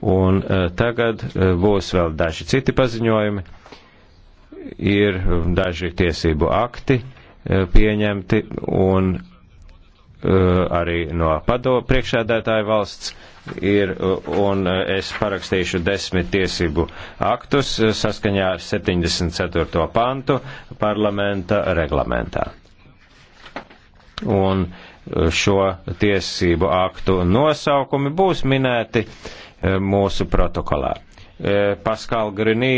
Un e, tagad e, būs vēl daži citi paziņojumi. Ir daži tiesību akti e, pieņemti un arī no pado priekšēdētāja valsts ir, un es parakstīšu desmit tiesību aktus saskaņā ar 74. pantu parlamenta reglamentā. Un šo tiesību aktu nosaukumi būs minēti uh, mūsu protokolā. Eh, Paskāla Grinī